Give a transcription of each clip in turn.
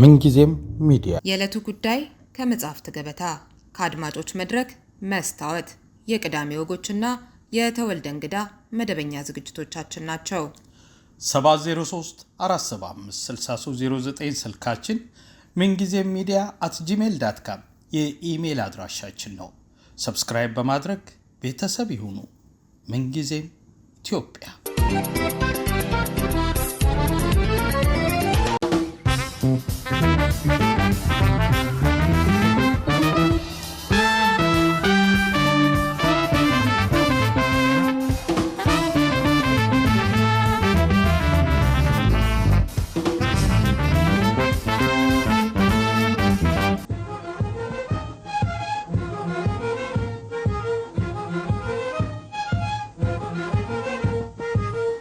ምንጊዜም ሚዲያ የዕለቱ ጉዳይ ከመጽሐፍት ገበታ ከአድማጮች መድረክ መስታወት የቅዳሜ ወጎችና የተወልደ እንግዳ መደበኛ ዝግጅቶቻችን ናቸው። 7034756309 ስልካችን፣ ምንጊዜም ሚዲያ አት ጂሜል ዳት ካም የኢሜይል አድራሻችን ነው። ሰብስክራይብ በማድረግ ቤተሰብ ይሁኑ። ምንጊዜም ኢትዮጵያ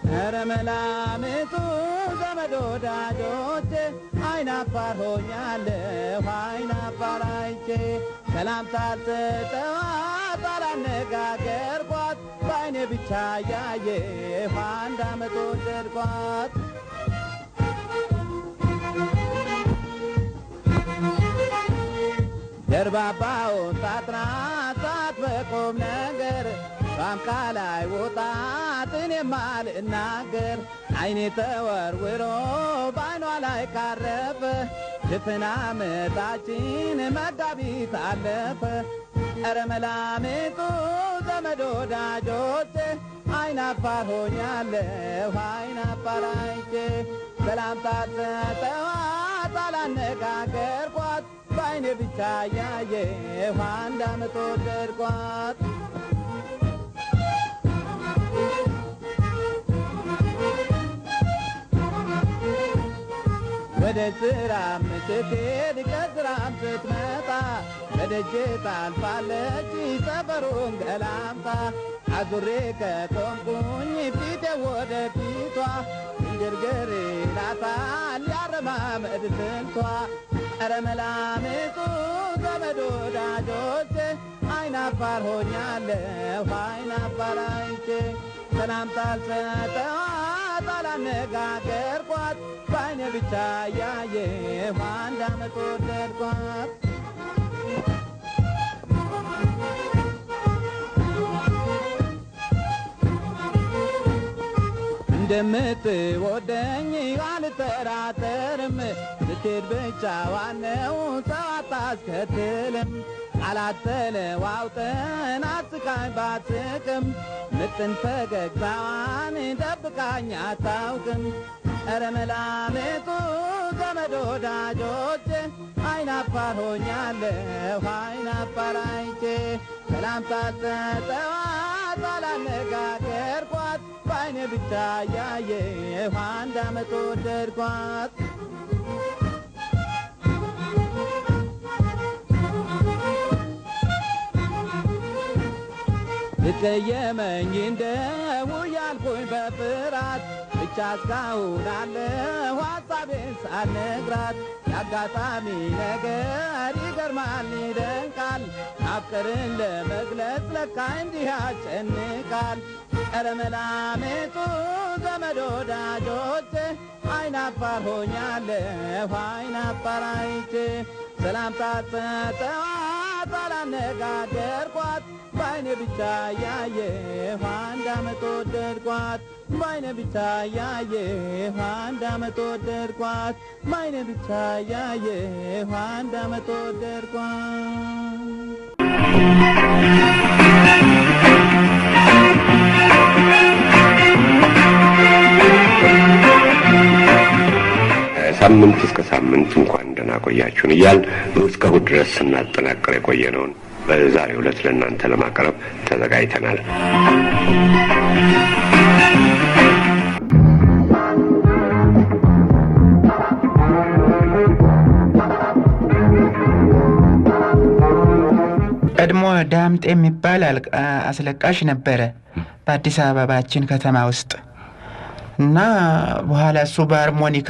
ኧረ መላ አባር ሆኛለሁ አይን አባር አይቼ ሰላምታ አልሰጠኋት አላነጋገርኳት በአይኔ ብቻ ያየሁ አንድ አመት ወደድኳት። ደርባባውን ሳጥና ሳት በቆም ነገር ባምቃ ላይ ወጣት እኔማ ልናገር አይኔ ተወርውሮ ባይኗ ላይ ካረፈ ድፍን መጣችን መጋቢት አለፈ። ኧረ መላምጡ ዘመድ ወዳጆቼ አይናፋር ሆኛለሁ አይናፋር አይቼ ሰላምታ ሰጠኋት አላነጋገርኳት በአይኔ ብቻ ያየሁ አንድ ዓመት ወደድኳት። ወደ ስራም ስትሄድ ከስራም ስትመጣ በደጄ ታልፋለች ሰፈሩን ገላምታ አዙሬ ከቆምኩኝ ፊቴ ወደ ፊቷ እንግርግር ይላታል ያረማመድ ስንቷ ኧረ መላምቱ ዘመድ ወዳጆቼ አይናፋር ሆኛለሁ አይናፋር አይቼ ሰላምታ አልሰጠዋ ባላነጋገር ኳት ባይኔ ብቻ ያየሁ አንድ አመት ወደድኳት። እንደምትወደኝ አልጠራጠርም። ስትሄድ ብቻ ዋነው ሰው አታስከትልም። አላተለ ዋውጠን አስቃኝ ባትቅም ምጥን ፈገግታዋን ጠብቃኝ አታውቅም። ኧረ መላምቱ ዘመድ ወዳጆቼ አይናፋር ሆኛለሁ አይናፋር አይቼ ሰላምታ ሰጠዋት አላነጋገርኳት በአይኔ ብቻ እያየሁ አንድ አመት ወደድኳት። ልትየመኝ እንደው ያልኩኝ በፍራት ብቻ እስካሁን አለሁ ሐሳቤን ሳልነግራት የአጋጣሚ ነገር ይገርማል ይደንቃል አፍቅርን ለመግለጽ ለካ እንዲህ ያጨንቃል ኧረ መላምጡ ዘመድ ወዳጆቼ አይናፋር ሆኛለሁ አይናፋር አይቼ ሰላምታ ተሰጠዋ ባላነጋገርኳት ባይኔ ብቻ ያየሁ አንድ አመት ወደድኳት ብቻ ያየሁ አንድ አመት ወደድኳት ብቻ ያየሁ አንድ አመት ከሳምንት እስከ ሳምንት እንኳን ደህና ቆያችሁን እያል እስከ እሑድ ድረስ የቆየ የቆየነውን በዛሬ ዕለት ለእናንተ ለማቅረብ ተዘጋጅተናል። ቀድሞ ዳምጤ የሚባል አስለቃሽ ነበረ በአዲስ አበባችን ከተማ ውስጥ እና በኋላ እሱ በሃርሞኒካ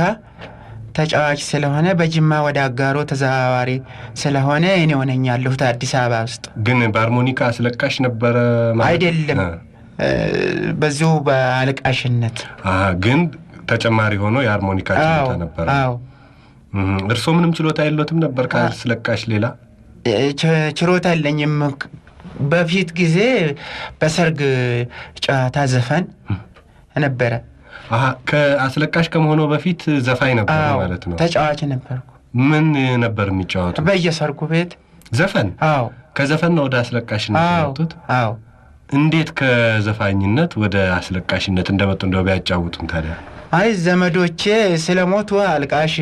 ተጫዋች ስለሆነ በጅማ ወደ አጋሮ ተዘዋዋሪ ስለሆነ እኔ ሆነኝ ያለሁት አዲስ አበባ ውስጥ። ግን በአርሞኒካ አስለቃሽ ነበረ አይደለም? በዚሁ በአልቃሽነት ግን ተጨማሪ ሆኖ የአርሞኒካ ችሎታ ነበረ። እርስዎ ምንም ችሎታ የለትም ነበር ከአስለቃሽ ሌላ? ችሎታ አለኝም። በፊት ጊዜ በሰርግ ጨዋታ ዘፈን ነበረ አስለቃሽ ከመሆኑ በፊት ዘፋኝ ነበር ማለት ነው? ተጫዋች ነበርኩ። ምን ነበር የሚጫወቱ? በየሰርጉ ቤት ዘፈን። አዎ። ከዘፈን ነው ወደ አስለቃሽነት የመጡት? አዎ። እንዴት ከዘፋኝነት ወደ አስለቃሽነት እንደመጡ እንደው ቢያጫውቱን ታዲያ አይ ዘመዶቼ ስለሞቱ አልቃሽ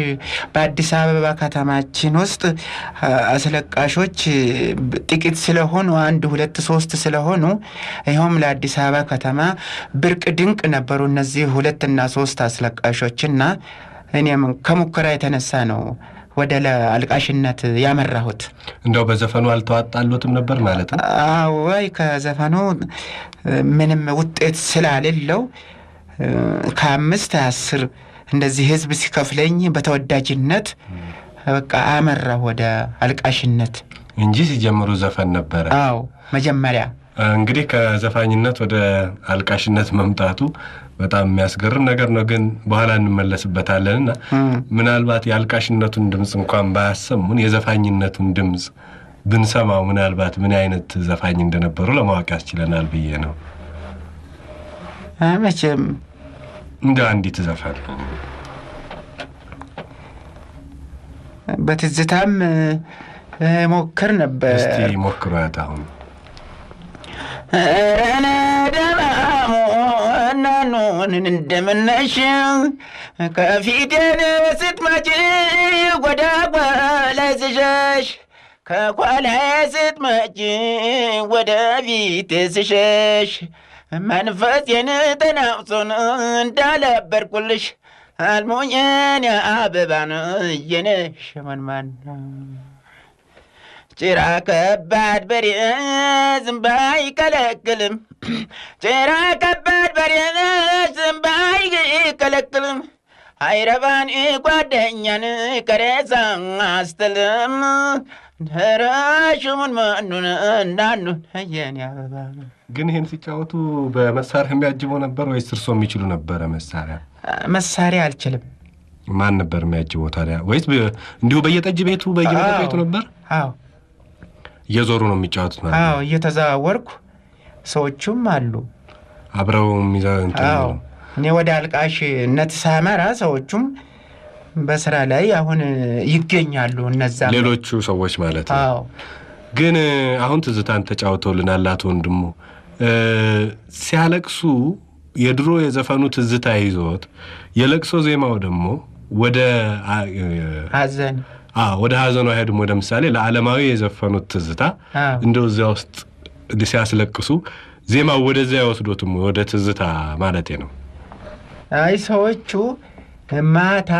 በአዲስ አበባ ከተማችን ውስጥ አስለቃሾች ጥቂት ስለሆኑ አንድ ሁለት ሶስት ስለሆኑ ይኸውም ለአዲስ አበባ ከተማ ብርቅ ድንቅ ነበሩ እነዚህ ሁለትና ሶስት አስለቃሾችና እኔም ከሙከራ የተነሳ ነው ወደ አልቃሽነት ያመራሁት። እንደው በዘፈኑ አልተዋጣሉትም ነበር ማለት ነው? አዎ ከዘፈኑ ምንም ውጤት ስላሌለው ከአምስት አስር እንደዚህ ህዝብ ሲከፍለኝ በተወዳጅነት በቃ አመራ ወደ አልቃሽነት እንጂ ሲጀምሩ ዘፈን ነበረ። አዎ መጀመሪያ እንግዲህ ከዘፋኝነት ወደ አልቃሽነት መምጣቱ በጣም የሚያስገርም ነገር ነው። ግን በኋላ እንመለስበታለንና ምናልባት የአልቃሽነቱን ድምፅ እንኳን ባያሰሙን የዘፋኝነቱን ድምፅ ብንሰማው ምናልባት ምን አይነት ዘፋኝ እንደነበሩ ለማወቅ ያስችለናል ብዬ ነው። መቼም እንደ አንዲት ዘፈን በትዝታም ሞክር ነበር። እስቲ ሞክሯት። አሁን ደማሞ እናኑን እንደምነሽ ከፊቴን ስትመጪ ወዳጓ ላይ ስሸሽ ከኋላ ስትመጪ ወደፊት ስሸሽ መንፈሴን ተናውሶን እንዳለበርኩልሽ አልሞኘን አበባን የነሽ መንማን ጭራ ከባድ በሬ ዝምባ አይከለክልም። ጭራ ከባድ በሬ ዝምባ አይከለክልም። አይረባን ጓደኛን ከሬሳ አስትልም ደረሹምን መኑን እናኑን የኔ አበባ ግን ይህን ሲጫወቱ በመሳሪያ የሚያጅበው ነበር ወይስ እርሶ የሚችሉ ነበረ? መሳሪያ መሳሪያ አልችልም። ማን ነበር የሚያጅበው ታዲያ? ወይስ እንዲሁ በየጠጅ ቤቱ በየመጠጥ ቤቱ ነበር? አዎ፣ እየዞሩ ነው የሚጫወቱት ማለት? አዎ፣ እየተዘዋወርኩ ሰዎቹም አሉ አብረው ሚዛን። እኔ ወደ አልቃሽነት ሳመራ ሰዎቹም በስራ ላይ አሁን ይገኛሉ። እነዛ ሌሎቹ ሰዎች ማለት ነው። ግን አሁን ትዝታን ተጫውተውልናል አቶ ወንድሙ። ሲያለቅሱ የድሮ የዘፈኑ ትዝታ ይዞት የለቅሶ ዜማው ደግሞ ወደ ሀዘን ወደ ሀዘኑ አይሄድም። ወደ ምሳሌ ለዓለማዊ የዘፈኑት ትዝታ እንደው እዚያ ውስጥ ሲያስለቅሱ ዜማው ወደዚያ አይወስዶትም፣ ወደ ትዝታ ማለት ነው። አይ ሰዎቹ ማታ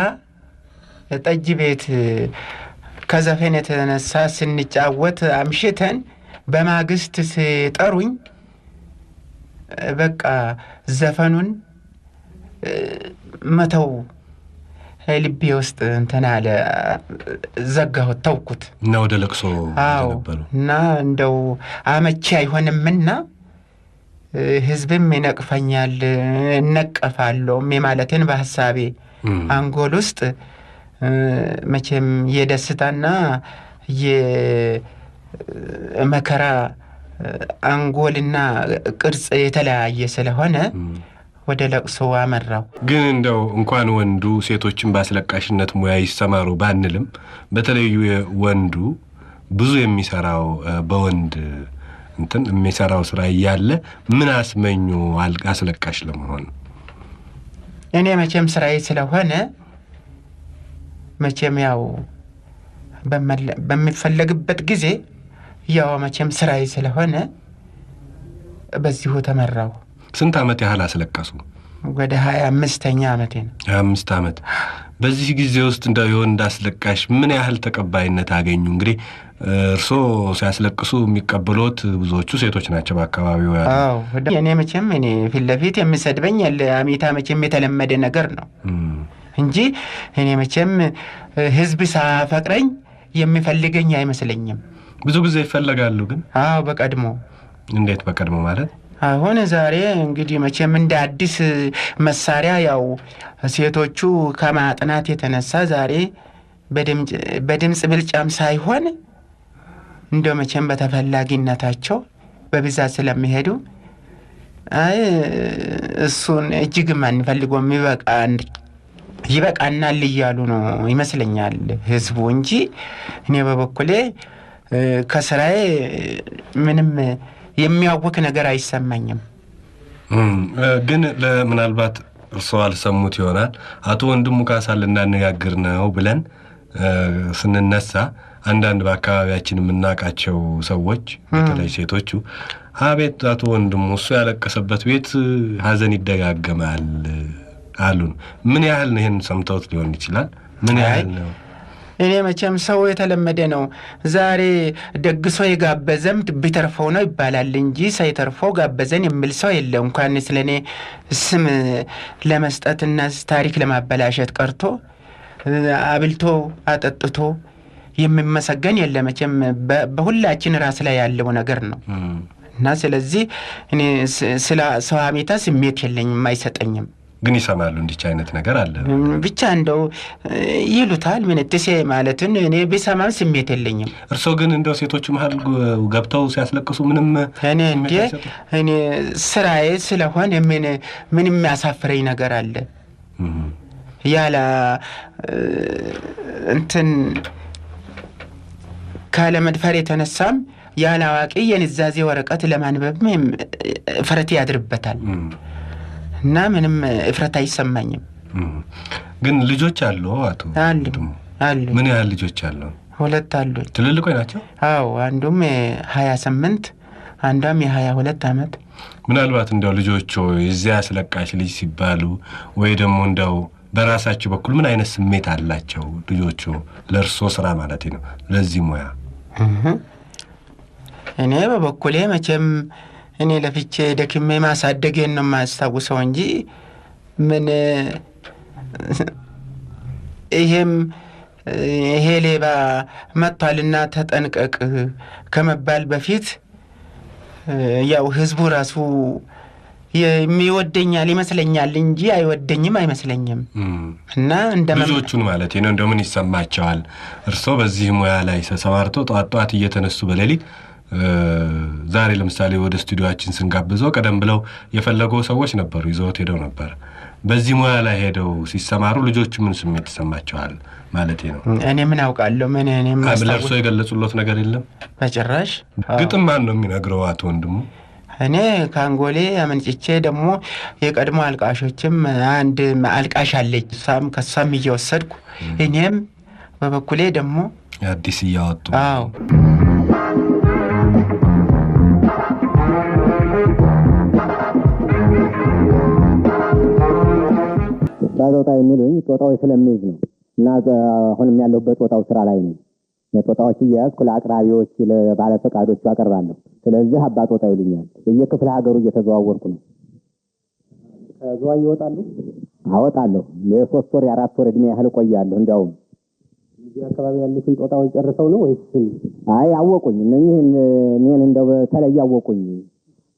ጠጅ ቤት ከዘፈን የተነሳ ስንጫወት አምሽተን በማግስት ሲጠሩኝ በቃ ዘፈኑን መተው ልቤ ውስጥ እንትን አለ። ዘጋሁት፣ ተውኩት እና ወደ ለቅሶ ነበሩ እና እንደው አመቺ አይሆንምና ህዝብም ይነቅፈኛል፣ እነቀፋለሁም የማለትን በሀሳቤ አንጎል ውስጥ መቼም የደስታና የመከራ አንጎልና ቅርጽ የተለያየ ስለሆነ ወደ ለቅሶ አመራው። ግን እንደው እንኳን ወንዱ ሴቶችን በአስለቃሽነት ሙያ ይሰማሩ ባንልም በተለዩ ወንዱ ብዙ የሚሰራው በወንድ እንትን የሚሰራው ስራ እያለ ምን አስመኙ አስለቃሽ ለመሆን? እኔ መቼም ስራዬ ስለሆነ መቼም ያው በሚፈለግበት ጊዜ ያው መቼም ስራዬ ስለሆነ በዚሁ ተመራው። ስንት ዓመት ያህል አስለቀሱ? ወደ ሀያ አምስተኛ ዓመቴ ነው። ሀያ አምስት ዓመት። በዚህ ጊዜ ውስጥ እንደው እንዳስለቃሽ ምን ያህል ተቀባይነት አገኙ? እንግዲህ እርስዎ ሲያስለቅሱ የሚቀበሉት ብዙዎቹ ሴቶች ናቸው በአካባቢው ያሉ። እኔ መቼም እኔ ፊት ለፊት የሚሰድበኝ አሜታ መቼም የተለመደ ነገር ነው እንጂ እኔ መቼም ህዝብ ሳፈቅረኝ የሚፈልገኝ አይመስለኝም። ብዙ ጊዜ ይፈለጋሉ። ግን አዎ፣ በቀድሞ እንዴት? በቀድሞ ማለት አሁን ዛሬ እንግዲህ መቼም እንደ አዲስ መሳሪያ ያው ሴቶቹ ከማጥናት የተነሳ ዛሬ በድምፅ ብልጫም ሳይሆን እንደ መቼም በተፈላጊነታቸው በብዛት ስለሚሄዱ አይ እሱን እጅግም አንፈልጎም ይበቃናል እያሉ ነው ይመስለኛል ህዝቡ እንጂ እኔ በበኩሌ ከስራዬ ምንም የሚያውቅ ነገር አይሰማኝም። ግን ምናልባት እርስዎ አልሰሙት ይሆናል። አቶ ወንድሙ ካሳ ልናነጋግር ነው ብለን ስንነሳ አንዳንድ በአካባቢያችን የምናውቃቸው ሰዎች በተለይ ሴቶቹ አቤት አቶ ወንድሙ እሱ ያለቀሰበት ቤት ሀዘን ይደጋገማል አሉን። ምን ያህል ነው? ይህን ሰምተውት ሊሆን ይችላል። ምን ያህል ነው? እኔ መቼም ሰው የተለመደ ነው። ዛሬ ደግሶ የጋበዘም ቢተርፈው ነው ይባላል እንጂ ሳይተርፈው ጋበዘን የሚል ሰው የለ። እንኳን ስለ እኔ ስም ለመስጠትና ታሪክ ለማበላሸት ቀርቶ አብልቶ አጠጥቶ የሚመሰገን የለ። መቼም በሁላችን ራስ ላይ ያለው ነገር ነው እና ስለዚህ እኔ ስለ ሰው ሀሜታ ስሜት የለኝም፣ አይሰጠኝም። ግን ይሰማሉ። እንዲች አይነት ነገር አለ ብቻ እንደው ይሉታል። ምን ትሴ ማለትን እኔ ቢሰማም ስሜት የለኝም። እርስዎ ግን እንደው ሴቶቹ መሀል ገብተው ሲያስለቅሱ ምንም እኔ እንዴ እኔ ስራዬ ስለሆን ምን ምን የሚያሳፍረኝ ነገር አለ? ያለ እንትን ካለመድፈር የተነሳም ያለ አዋቂ የንዛዜ ወረቀት ለማንበብ ፈረቴ ያድርበታል። እና ምንም እፍረት አይሰማኝም። ግን ልጆች አሉ አቶ አሉ ምን ያህል ልጆች አሉ? ሁለት አሉ። ትልልቆች ናቸው? አዎ፣ አንዱም የሀያ ስምንት አንዷም የሀያ ሁለት አመት። ምናልባት እንዲያው ልጆቹ የዚያ አስለቃሽ ልጅ ሲባሉ ወይ ደግሞ እንዲያው በራሳቸው በኩል ምን አይነት ስሜት አላቸው ልጆቹ? ለእርሶ ስራ ማለት ነው፣ ለዚህ ሙያ እኔ በበኩሌ መቼም እኔ ለፍቼ ደክሜ ማሳደጌን ነው የማያስታውሰው እንጂ ምን ይሄም ይሄ ሌባ መጥቷልና ተጠንቀቅ ከመባል በፊት ያው ህዝቡ ራሱ የሚወደኛል ይመስለኛል እንጂ አይወደኝም አይመስለኝም። እና እንደ ብዙዎቹን ማለት ነው እንደምን ይሰማቸዋል? እርስዎ በዚህ ሙያ ላይ ተሰማርቶ ጠዋት ጠዋት እየተነሱ በሌሊት ዛሬ ለምሳሌ ወደ ስቱዲዮችን ስንጋብዘው ቀደም ብለው የፈለገው ሰዎች ነበሩ፣ ይዘውት ሄደው ነበር። በዚህ ሙያ ላይ ሄደው ሲሰማሩ ልጆቹ ምን ስሜት ይሰማቸዋል ማለት ነው? እኔ ምን አውቃለሁ። ምን ለእርሶ የገለጹሎት ነገር የለም በጭራሽ። ግጥም ማን ነው የሚነግረው? አቶ ወንድሙ እኔ ከአንጎሌ አመንጭቼ ደግሞ የቀድሞ አልቃሾችም አንድ አልቃሽ አለች፣ ሳም ከሳም እየወሰድኩ እኔም በበኩሌ ደግሞ አዲስ እያወጡ አዎ ጦጣ የሚሉኝ ጦጣዊ ስለሚይዝ ነው። እና አሁንም ያለሁበት ጦጣው ስራ ላይ ነው። የጦጣዎች እየያዝኩ ለአቅራቢዎች፣ ለባለፈቃዶቹ አቀርባለሁ። ስለዚህ አባ ጦጣ ይሉኛል። በየክፍለ ሀገሩ እየተዘዋወርኩ ነው። ከዝዋይ ይወጣሉ? አወጣለሁ። የሶስት ወር የአራት ወር እድሜ ያህል ቆያለሁ እንዲያውም እዚህ አካባቢ ያሉትን ጦጣዎች ጨርሰው ነው ወይስ? አይ አወቁኝ። እነህን እኔን እንደው በተለይ አወቁኝ።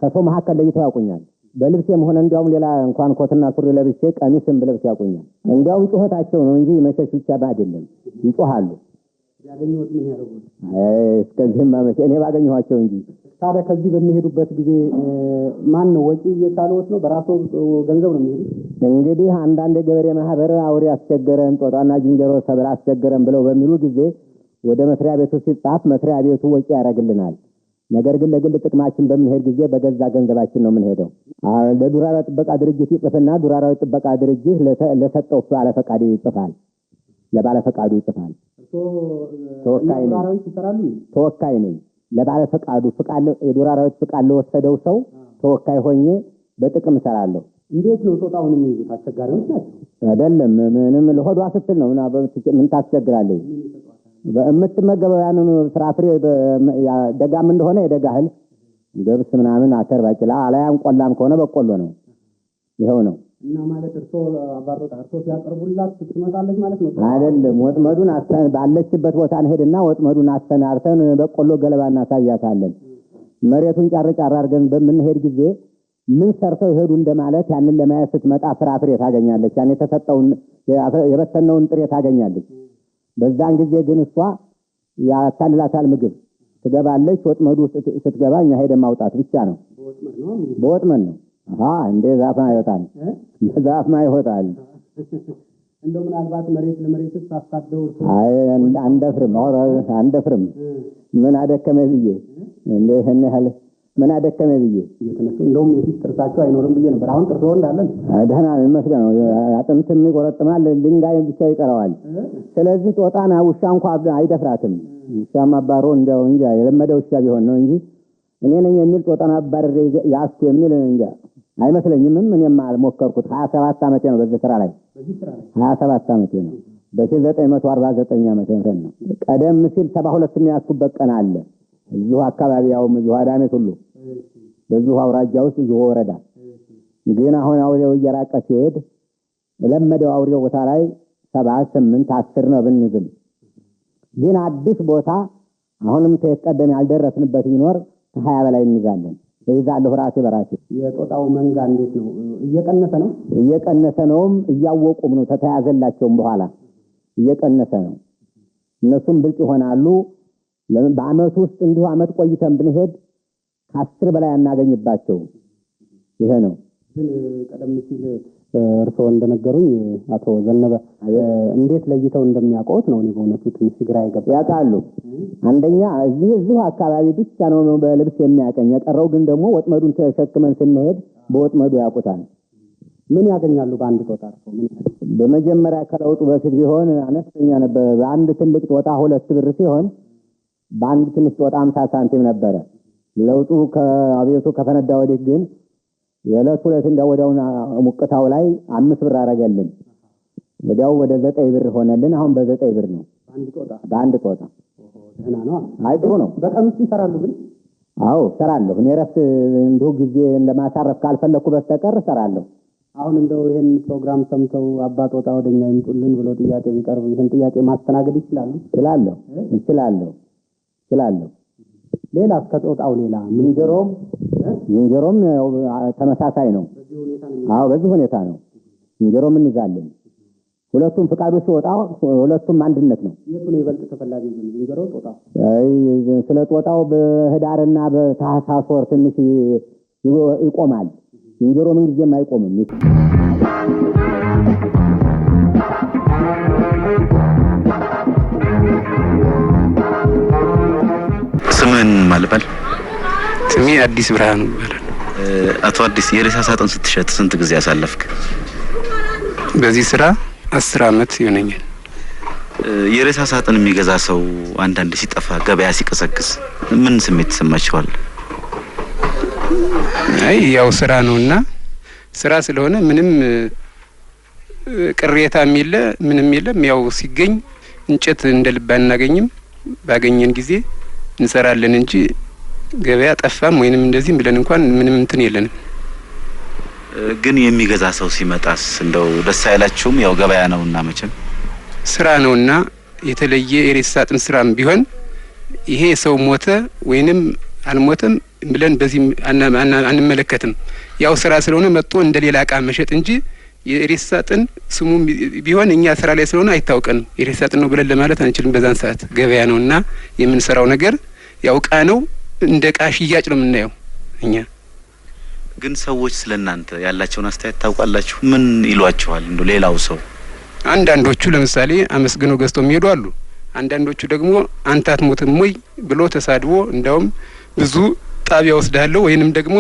ከሰው መካከል ለይተው ያውቁኛል። በልብሴም ሆነ እንዲያውም ሌላ እንኳን ኮትና ሱሪ ለብሼ ቀሚስም ብለብስ ያቆኛል። እንዲያውም ጩኸታቸው ነው እንጂ መሸሽ ብቻ አይደለም፣ ይጮሃሉ። እስከዚህም መቼ እኔ ባገኘኋቸው እንጂ። ታዲያ ከዚህ በሚሄዱበት ጊዜ ማን ነው ወጪ እየቻለዎት ነው? በራሶ ገንዘብ ነው የሚሄዱት? እንግዲህ አንዳንድ የገበሬ ማህበር አውሬ አስቸገረን፣ ጦጣና ዝንጀሮ ሰብል አስቸገረን ብለው በሚሉ ጊዜ ወደ መስሪያ ቤቱ ሲጻፍ መስሪያ ቤቱ ወጪ ያደርግልናል። ነገር ግን ለግል ጥቅማችን በምንሄድ ጊዜ በገዛ ገንዘባችን ነው የምንሄደው። ለዱራራ ጥበቃ ድርጅት ይጽፍና ዱራራዊ ጥበቃ ድርጅት ለሰጠው ባለፈቃዱ ይጽፋል፣ ለባለፈቃዱ ይጽፋል። ተወካይ ነኝ። ለባለፈቃዱ አራዊት ፍቃድ ለወሰደው ሰው ተወካይ ሆኜ በጥቅም እሰራለሁ። እንዴት ነው ጦጣውን የሚይዙት? አስቸጋሪዎች ናቸው አይደለም? ምንም ለሆዷ ስትል ነው ምን ታስቸግራለች? የምትመገበው ያንን ፍራፍሬ ደጋም እንደሆነ የደጋ እህል ገብስ ምናምን፣ አተር፣ ባቂላ አላያም ቆላም ከሆነ በቆሎ ነው። ይኸው ነው እና ማለት እርሶ ሲያቀርቡላት ትመጣለች ማለት ነው። አይደለም ወጥመዱን አስተን ባለችበት ቦታ እንሄድና ወጥመዱን አስተናርተን በቆሎ ገለባ እናሳያታለን። መሬቱን ጫር ጫር አድርገን በምንሄድ ጊዜ ምን ሰርተው ይሄዱ እንደማለት ያንን ለማየት ስትመጣ ፍራፍሬ ታገኛለች። ያን የተሰጠውን የበተነውን ጥሬ ታገኛለች። በዛን ጊዜ ግን እሷ ያታልላታል ምግብ ትገባለች። ወጥመዱ ስትገባ እኛ ሄደን ማውጣት ብቻ ነው። በወጥመድ ነው። እንደ ዛፍ ይወጣል፣ ዛፍማ ይወጣል። እንደ ምናልባት መሬት ለመሬት ሳታደው አንደፍርም፣ አንደፍርም። ምን አደከመ ብዬ እንደ ይህን ያህል ምን አደከመ ብዬ እየተነሱ እንደውም የፊት ጥርሳቸው አይኖርም ብዬ ነበር። አሁን ጥርሶ እንዳለን ደህና ይመስገን ነው። አጥንትም ይቆረጥማል፣ ድንጋይ ብቻ ይቀረዋል። ስለዚህ ጦጣና ውሻ እንኳ አይደፍራትም። ውሻም አባሮ እንዲያው እንጃ የለመደ ውሻ ቢሆን ነው እንጂ እኔ ነኝ የሚል ጦጣና አባርሬ ያስኩ የሚል እንጃ አይመስለኝም። እኔም አልሞከርኩት። ሀያ ሰባት ዓመቴ ነው በዚህ ስራ ላይ ሀያ ሰባት ዓመቴ ነው። በሺህ ዘጠኝ መቶ አርባ ዘጠኝ ዓመተ ምህረት ነው። ቀደም ሲል ሰባ ሁለት የሚያስኩበት ቀን አለ እዚሁ አካባቢ ያውም እዚሁ አዳሜት ሁሉ በዚሁ አውራጃ ውስጥ ዝሆ ወረዳ ግን አሁን አውሬው እየራቀ ሲሄድ ለመደው አውሬው ቦታ ላይ ሰባት ስምንት አስር ነው ብንዝም ግን አዲስ ቦታ አሁንም ተቀደም ያልደረስንበት ቢኖር ከሀያ በላይ እንይዛለን ይዛለሁ ራሴ በራሴ የጦጣው መንጋ እንዴት ነው? እየቀነሰ ነው። እየቀነሰ ነውም እያወቁም ነው። ተተያዘላቸውም በኋላ እየቀነሰ ነው። እነሱም ብልጥ ይሆናሉ። በአመት ውስጥ እንዲሁ አመት ቆይተን ብንሄድ ከአስር በላይ አናገኝባቸው ይሄ ነው። ግን ቀደም ሲል እርስዎ እንደነገሩኝ አቶ ዘነበ እንዴት ለይተው እንደሚያውቀውት ነው እኔ በእውነቱ ትንሽ ግራ ይገባ። ያውቃሉ። አንደኛ እዚህ እዚሁ አካባቢ ብቻ ነው በልብስ የሚያቀኝ። የቀረው ግን ደግሞ ወጥመዱን ተሸክመን ስንሄድ በወጥመዱ ያውቁታል። ምን ያገኛሉ? በአንድ ጦጣ በመጀመሪያ ከለውጡ በፊት ቢሆን አነስተኛ ነበር። በአንድ ትልቅ ጦጣ ሁለት ብር ሲሆን በአንድ ትንሽ ጦጣ አምሳ ሳንቲም ነበረ። ለውጡ ከአብዮቱ ከፈነዳ ወዲህ ግን የዕለት ሁለት እንደ ወዲያው ሙቅታው ላይ አምስት ብር አረገልን። ወዲያው ወደ ዘጠኝ ብር ሆነልን። አሁን በዘጠኝ ብር ነው በአንድ ጦጣ። አይ ጥሩ ነው። በቀን ውስጥ ይሰራሉ ግን? አዎ እሰራለሁ። እኔ እረፍት እንዲሁ ጊዜ ለማሳረፍ ካልፈለግኩ በስተቀር እሰራለሁ። አሁን እንደው ይህን ፕሮግራም ሰምተው አባ ጦጣ ወደኛ ይምጡልን ብሎ ጥያቄ ቢቀርቡ ይህን ጥያቄ ማስተናገድ ይችላሉ? ይችላለሁ፣ ይችላለሁ፣ ይችላለሁ። ሌላ ከጦጣው ሌላ ምንጀሮም ምንጀሮም ተመሳሳይ ነው። አዎ በዚህ ሁኔታ ነው ምንጀሮም እንይዛለን። ሁለቱም ፍቃዱ ሲወጣ ሁለቱም አንድነት ነው። የቱ ነው ይበልጥ ተፈላጊ? ዝንጀሮ ጦጣ? ስለ ጦጣው በህዳርና በታህሳስ ወር ትንሽ ይቆማል። ዝንጀሮ ምንጊዜም አይቆምም። ይባል? ስሜ አዲስ ብርሃኑ ይባላል። አቶ አዲስ የሬሳ ሳጥን ስትሸጥ ስንት ጊዜ አሳለፍክ? በዚህ ስራ አስር አመት ይሆነኛል። የሬሳ ሳጥን የሚገዛ ሰው አንዳንድ ሲጠፋ ገበያ ሲቀሰቅስ ምን ስሜት ይሰማችኋል? አይ ያው ስራ ነውና ስራ ስለሆነ ምንም ቅሬታ የሚለ ምንም የለም። ያው ሲገኝ እንጨት እንደ ልብ አናገኝም። ባገኘን ጊዜ እንሰራለን እንጂ ገበያ ጠፋም ወይንም እንደዚህም ብለን እንኳን ምንም እንትን የለንም። ግን የሚገዛ ሰው ሲመጣስ እንደው ደስ አይላችሁም? ያው ገበያ እና መቼም ስራ እና የተለየ የሬት ሳጥን ስራም ቢሆን ይሄ ሰው ሞተ ወይንም አልሞተም ብለን በዚህ አንመለከትም። ያው ስራ ስለሆነ መጥቶ እንደ ሌላ እቃ መሸጥ እንጂ የሬሳ ስሙ ቢሆን እኛ ስራ ላይ ስለሆነ አይታወቀንም። የሬሳ ነው ብለን ለማለት አንችልም። በዛን ሰዓት ገበያ ነው እና የምንሰራው ነገር ያው እቃ ነው፣ እንደ እቃ ሽያጭ ነው የምናየው እኛ። ግን ሰዎች ስለ እናንተ ያላቸውን አስተያየት ታውቃላችሁ? ምን ይሏችኋል? እንዶ ሌላው ሰው አንዳንዶቹ ለምሳሌ አመስግነው ገዝተው የሚሄዱ አሉ። አንዳንዶቹ ደግሞ አንተ አትሞትም ወይ ብሎ ተሳድቦ እንዳውም ብዙ ጣቢያ ወስዳለሁ ወይንም ደግሞ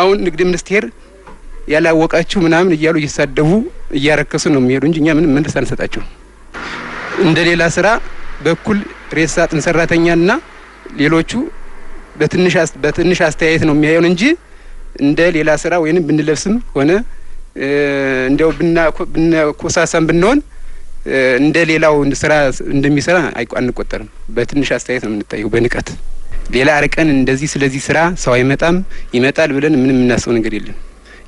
አሁን ንግድ ሚኒስቴር ያላወቃችሁ ምናምን እያሉ እየሳደቡ እያረከሱ ነው የሚሄዱ እንጂ እኛ ምንም መልስ አንሰጣቸው። እንደ ሌላ ስራ በኩል ሬሳ ሰራተኛ ሰራተኛና ሌሎቹ በትንሽ አስተያየት ነው የሚያየውን እንጂ እንደ ሌላ ስራ ወይንም ብንለብስም ሆነ እንዲያው ብናኮሳሳም ብንሆን እንደ ሌላው ስራ እንደሚሰራ አንቆጠርም። በትንሽ አስተያየት ነው የምንታየው በንቀት ሌላ አርቀን እንደዚህ ስለዚህ ስራ ሰው አይመጣም ይመጣል ብለን ምንም የምናስበው ነገር የለም።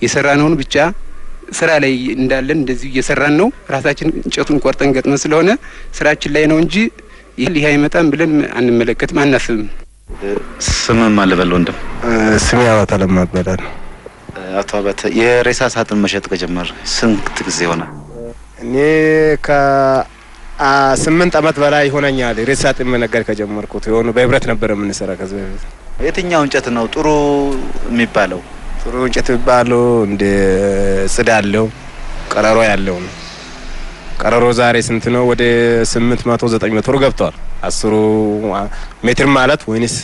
የሰራነውን ብቻ ስራ ላይ እንዳለን እንደዚሁ እየሰራን ነው። ራሳችን እንጨቱን ቆርጠን ገጥመን ስለሆነ ስራችን ላይ ነው እንጂ ይህ ይህ አይመጣም ብለን አንመለከትም፣ አናስብም። ስምም አለበል ወንድም ስሜ አባተ ለማ ነው። አቶ አባተ የሬሳ ሳጥን መሸጥ ከጀመር ስንት ጊዜ ሆነ? እኔ ከስምንት አመት በላይ ይሆነኛል ሬሳ ሳጥን መነገድ ከጀመርኩት። የሆኑ በህብረት ነበር የምንሰራ ከዚህ በፊት። የትኛው እንጨት ነው ጥሩ የሚባለው? ጥሩ እንጨት የሚባለው እንደ ጽድ አለው ቀረሮ ያለው ነው። ቀረሮ ዛሬ ስንት ነው? ወደ ስምንት መቶ ዘጠኝ መቶ ብር ገብቷል። አስሩ ሜትር ማለት ወይንስ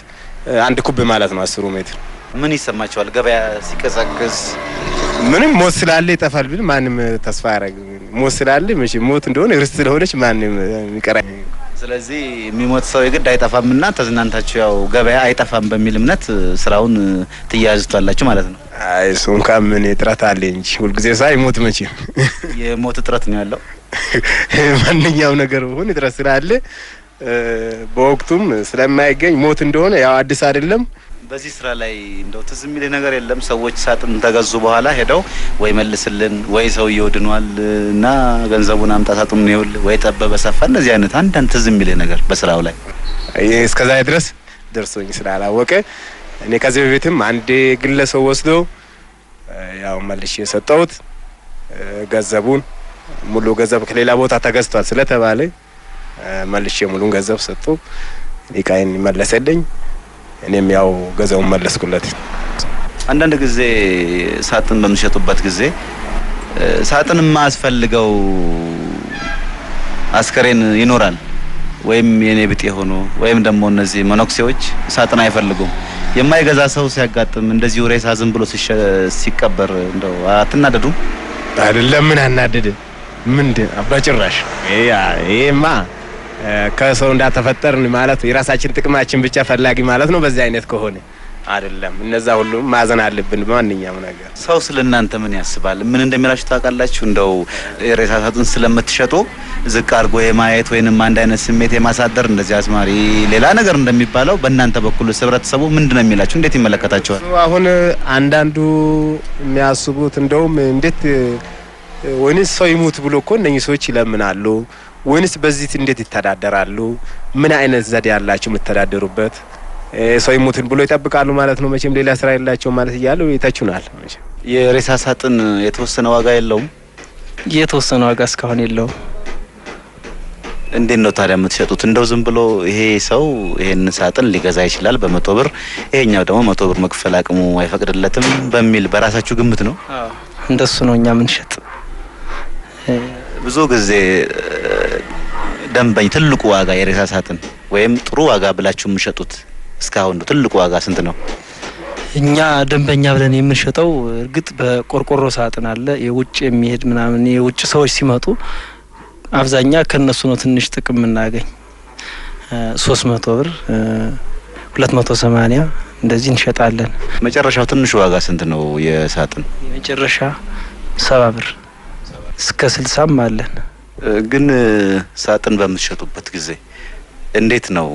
አንድ ኩብ ማለት ነው? አስሩ ሜትር ምን ይሰማቸዋል? ገበያ ሲቀዘቅዝ ምንም ሞት ስላለ ይጠፋል ብል ማንም ተስፋ ያረግ ሞት ስላለ ሞት እንደሆነ ርስት ስለሆነች ማንም ይቀራ። ስለዚህ የሚሞት ሰው የግድ አይጠፋምና ተዝናንታችሁ ያው ገበያ አይጠፋም በሚል እምነት ስራውን ትያያዝቷላችሁ ማለት ነው። አይ እሱም ምን እጥረት አለ እንጂ ሁልጊዜ ሳ ይሞት መቼም የሞት እጥረት ነው ያለው። ማንኛው ነገር ሆን እጥረት ስላለ በወቅቱም ስለማይገኝ ሞት እንደሆነ ያው አዲስ አይደለም። በዚህ ስራ ላይ እንደው ትዝ የሚል ነገር የለም። ሰዎች ሳጥን ተገዙ በኋላ ሄደው ወይ መልስልን፣ ወይ ሰው ድኗል እና ገንዘቡን አምጣ ሳጥኑን ይውል፣ ወይ ጠበበ ሰፋ፣ እንደዚህ አይነት አንዳንድ ትዝ የሚል ነገር በስራው ላይ እስከዛ ድረስ ደርሶኝ ስላላወቀ እኔ ከዚህ በፊትም አንድ ግለሰብ ወስዶ ያው መልሼ የሰጠሁት ገንዘቡን ሙሉ ገንዘብ ከሌላ ቦታ ተገዝቷል ስለተባለ መልሼ ሙሉን ገንዘብ ሰጡ። ቃይን መለሰልኝ። እኔም ያው ገንዘቡን መለስኩለት። አንዳንድ ጊዜ ሳጥን በምሸጡበት ጊዜ ሳጥን የማያስፈልገው አስከሬን ይኖራል፣ ወይም የኔ ብጤ ሆኖ ወይም ደግሞ እነዚህ መነኩሴዎች ሳጥን አይፈልጉም። የማይገዛ ሰው ሲያጋጥም እንደዚህ ሬሳ ዝም ብሎ ሲቀበር እንደው አትናደዱም? አይደለም ምን አናደደ? ምንድን በጭራሽ ይሄማ ከሰው እንዳተፈጠርን ማለት የራሳችን ጥቅማችን ብቻ ፈላጊ ማለት ነው። በዚህ አይነት ከሆነ አይደለም። እነዛ ሁሉ ማዘን አለብን በማንኛውም ነገር። ሰው ስለ እናንተ ምን ያስባል? ምን እንደሚላችሁ ታውቃላችሁ? እንደው ሬሳ ሳጥን ስለምትሸጡ ዝቅ አድርጎ የማየት ወይንም አንድ አይነት ስሜት የማሳደር እንደዚህ አስማሪ ሌላ ነገር እንደሚባለው በእናንተ በኩል ህብረተሰቡ ምንድን ነው የሚላችሁ? እንዴት ይመለከታችኋል? አሁን አንዳንዱ የሚያስቡት እንደውም እንዴት ወይንስ ሰው ይሙት ብሎ እኮ እነኚህ ሰዎች ይለምናሉ ወይንስ በዚህ እንዴት ይተዳደራሉ? ምን አይነት ዘዴ ያላችሁ የምትተዳደሩበት ሰው ይሞትን ብሎ ይጠብቃሉ ማለት ነው። መቼም ሌላ ስራ የላቸው ማለት እያሉ ይተቹናል። የሬሳ ሳጥን የተወሰነ ዋጋ የለውም? የተወሰነ ዋጋ እስካሁን የለውም። እንዴት ነው ታዲያ የምትሸጡት? እንደው ዝም ብሎ ይሄ ሰው ይሄን ሳጥን ሊገዛ ይችላል በመቶ ብር፣ ይሄኛው ደግሞ መቶ ብር መክፈል አቅሙ አይፈቅድለትም በሚል በራሳችሁ ግምት ነው? እንደሱ ነው እኛ ምንሸጥ። ብዙ ጊዜ ደንበኝ ትልቁ ዋጋ የሬሳ ሳጥን ወይም ጥሩ ዋጋ ብላችሁ የምሸጡት እስካሁን ነው? ትልቁ ዋጋ ስንት ነው? እኛ ደንበኛ ብለን የምንሸጠው እርግጥ በቆርቆሮ ሳጥን አለ የውጭ የሚሄድ ምናምን የውጭ ሰዎች ሲመጡ አብዛኛ ከነሱ ነው ትንሽ ጥቅም የምናገኝ። ሶስት መቶ ብር ሁለት መቶ ሰማኒያ እንደዚህ እንሸጣለን። መጨረሻው ትንሹ ዋጋ ስንት ነው? የሳጥን የመጨረሻ ሰባ ብር እስከ ስልሳም አለን። ግን ሳጥን በምትሸጡበት ጊዜ እንዴት ነው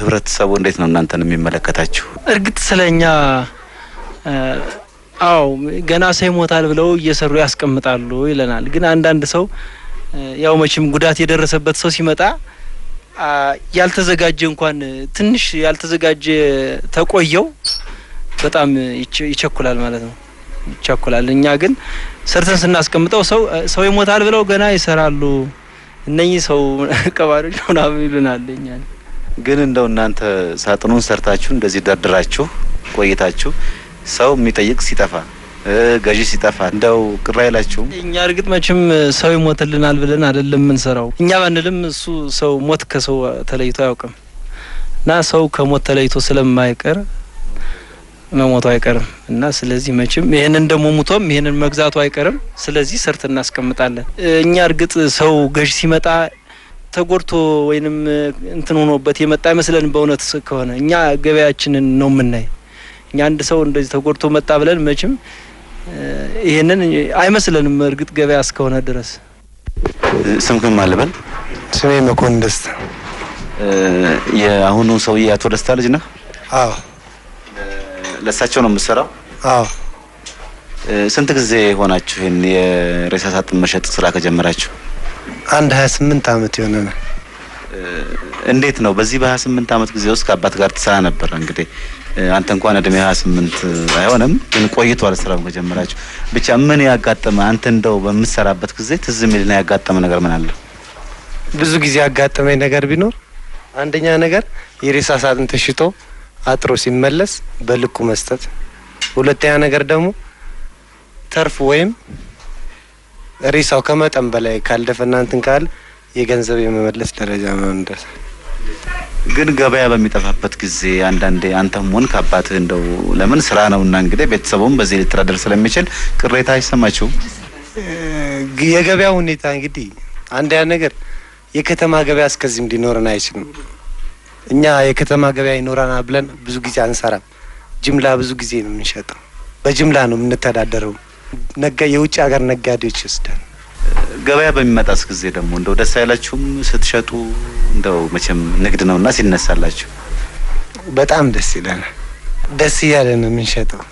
ህብረተሰቡ እንዴት ነው እናንተን የሚመለከታችሁ? እርግጥ ስለኛ አዎ ገና ሰው ይሞታል ብለው እየሰሩ ያስቀምጣሉ ይለናል። ግን አንዳንድ ሰው ያው መቼም ጉዳት የደረሰበት ሰው ሲመጣ ያልተዘጋጀ እንኳን ትንሽ ያልተዘጋጀ ተቆየው በጣም ይቸኩላል ማለት ነው ይቸኩላል። እኛ ግን ሰርተን ስናስቀምጠው ሰው ሰው ይሞታል ብለው ገና ይሰራሉ እነኚህ ሰው ቀባሪዎች ምናምን ይሉናለኛል። ግን እንደው እናንተ ሳጥኑን ሰርታችሁ እንደዚህ ደርድራችሁ ቆይታችሁ ሰው የሚጠይቅ ሲጠፋ ገዢ ሲጠፋ እንደው ቅር አይላችሁም? እኛ እርግጥ መቼም ሰው ይሞትልናል ብለን አይደለም የምንሰራው። እኛ ባንልም እሱ ሰው ሞት ከሰው ተለይቶ አያውቅም እና ሰው ከሞት ተለይቶ ስለማይቀር መሞቱ አይቀርም እና ስለዚህ መቼም ይህንን ደግሞ ሙቶም ይህንን መግዛቱ አይቀርም። ስለዚህ ሰርት እናስቀምጣለን። እኛ እርግጥ ሰው ገዥ ሲመጣ ተጎድቶ ወይንም እንትን ሆኖበት የመጣ አይመስለን። በእውነት ከሆነ እኛ ገበያችንን ነው የምናይ። እኛ አንድ ሰው እንደዚህ ተጎድቶ መጣ ብለን መቼም ይህንን አይመስለንም። እርግጥ ገበያ እስከሆነ ድረስ ስምክም አልበል። ስሜ መኮንን ደስታ። የአሁኑ ሰውዬ አቶ ደስታ ልጅ ነህ? አዎ ለእሳቸው ነው የምትሰራው? አዎ። ስንት ጊዜ ሆናችሁ ይህን የሬሳ ሳጥን መሸጥ ስራ ከጀመራችሁ? አንድ 28 አመት ይሆነናል። እንዴት ነው በዚህ በ28 አመት ጊዜ ውስጥ ከአባት ጋር ትሰራ ነበር። እንግዲህ አንተ እንኳን እድሜ 28 አይሆንም፣ ግን ቆይቷል ስራውን ከጀመራችሁ። ብቻ ምን ያጋጠመ አንተ እንደው በምትሰራበት ጊዜ ትዝ የሚልና ያጋጠመ ነገር ምን አለ? ብዙ ጊዜ ያጋጠመኝ ነገር ቢኖር አንደኛ ነገር የሬሳ ሳጥን ተሽጦ አጥሮ ሲመለስ በልኩ መስጠት። ሁለተኛ ነገር ደግሞ ተርፍ ወይም ሬሳው ከመጠን በላይ ካልደፈና እንትን ካል የገንዘብ የመመለስ ደረጃ መምደስ። ግን ገበያ በሚጠፋበት ጊዜ አንዳንዴ አንተም ሆንክ አባትህ እንደው ለምን ስራ ነውና እንግዲህ ቤተሰቡም በዚህ ሊተዳደር ስለሚችል ቅሬታ አይሰማችሁ? የገበያ ሁኔታ እንግዲህ አንድ ያ ነገር የከተማ ገበያ እስከዚህም ሊኖረን አይችልም። እኛ የከተማ ገበያ ይኖራና ብለን ብዙ ጊዜ አንሰራም። ጅምላ ብዙ ጊዜ ነው የምንሸጠው። በጅምላ ነው የምንተዳደረው። ነጋ የውጭ ሀገር ነጋዴዎች ይወስዳል። ገበያ በሚመጣስ ጊዜ ደግሞ እንደው ደስ አይላችሁም? ስትሸጡ እንደው መቼም ንግድ ነውና ሲነሳላችሁ በጣም ደስ ይለናል። ደስ እያለ ነው የምንሸጠው።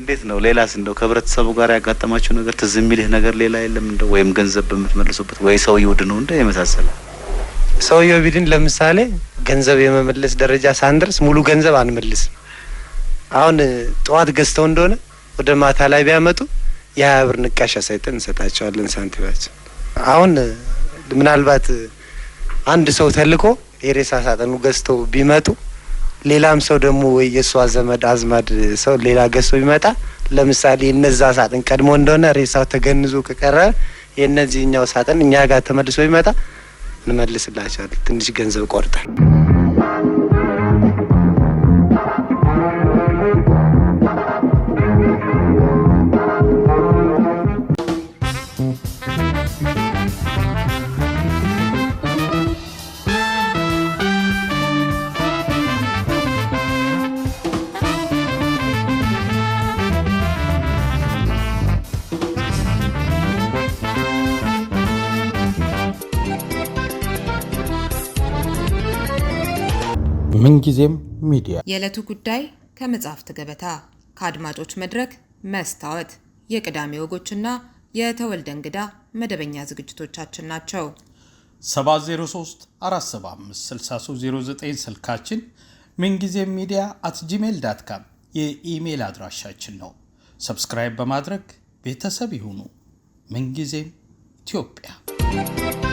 እንዴት ነው ሌላስ? እንደው ከህብረተሰቡ ጋር ያጋጠማችሁ ነገር ትዝ የሚልህ ነገር ሌላ የለም? እንደው ወይም ገንዘብ በምትመልሱበት ወይ ሰው ይውድ ነው እንደ የመሳሰላል ሰውየ ቢድን ለምሳሌ ገንዘብ የመመለስ ደረጃ ሳንደርስ ሙሉ ገንዘብ አንመልስም። አሁን ጠዋት ገዝተው እንደሆነ ወደ ማታ ላይ ቢያመጡ የሀያ ብር ንቃሽ አሳይተን እንሰጣቸዋለን ሳንቲማቸው። አሁን ምናልባት አንድ ሰው ተልኮ የሬሳ ሳጥኑ ገዝተው ቢመጡ ሌላም ሰው ደግሞ ወይ የእሷ ዘመድ አዝማድ ሰው ሌላ ገዝቶ ቢመጣ ለምሳሌ የነዛ ሳጥን ቀድሞ እንደሆነ ሬሳው ተገንዞ ከቀረ የእነዚህኛው ሳጥን እኛ ጋር ተመልሶ ቢመጣ እንመልስላቸዋል ትንሽ ገንዘብ ቆርጠን ምንጊዜም ሚዲያ የዕለቱ ጉዳይ ከመጽሐፍት ገበታ፣ ከአድማጮች መድረክ፣ መስታወት፣ የቅዳሜ ወጎችና የተወልደ እንግዳ መደበኛ ዝግጅቶቻችን ናቸው። 7034756309 ስልካችን፣ ምንጊዜም ሚዲያ አት ጂሜል ዳት ካም የኢሜይል አድራሻችን ነው። ሰብስክራይብ በማድረግ ቤተሰብ ይሁኑ። ምንጊዜም ኢትዮጵያ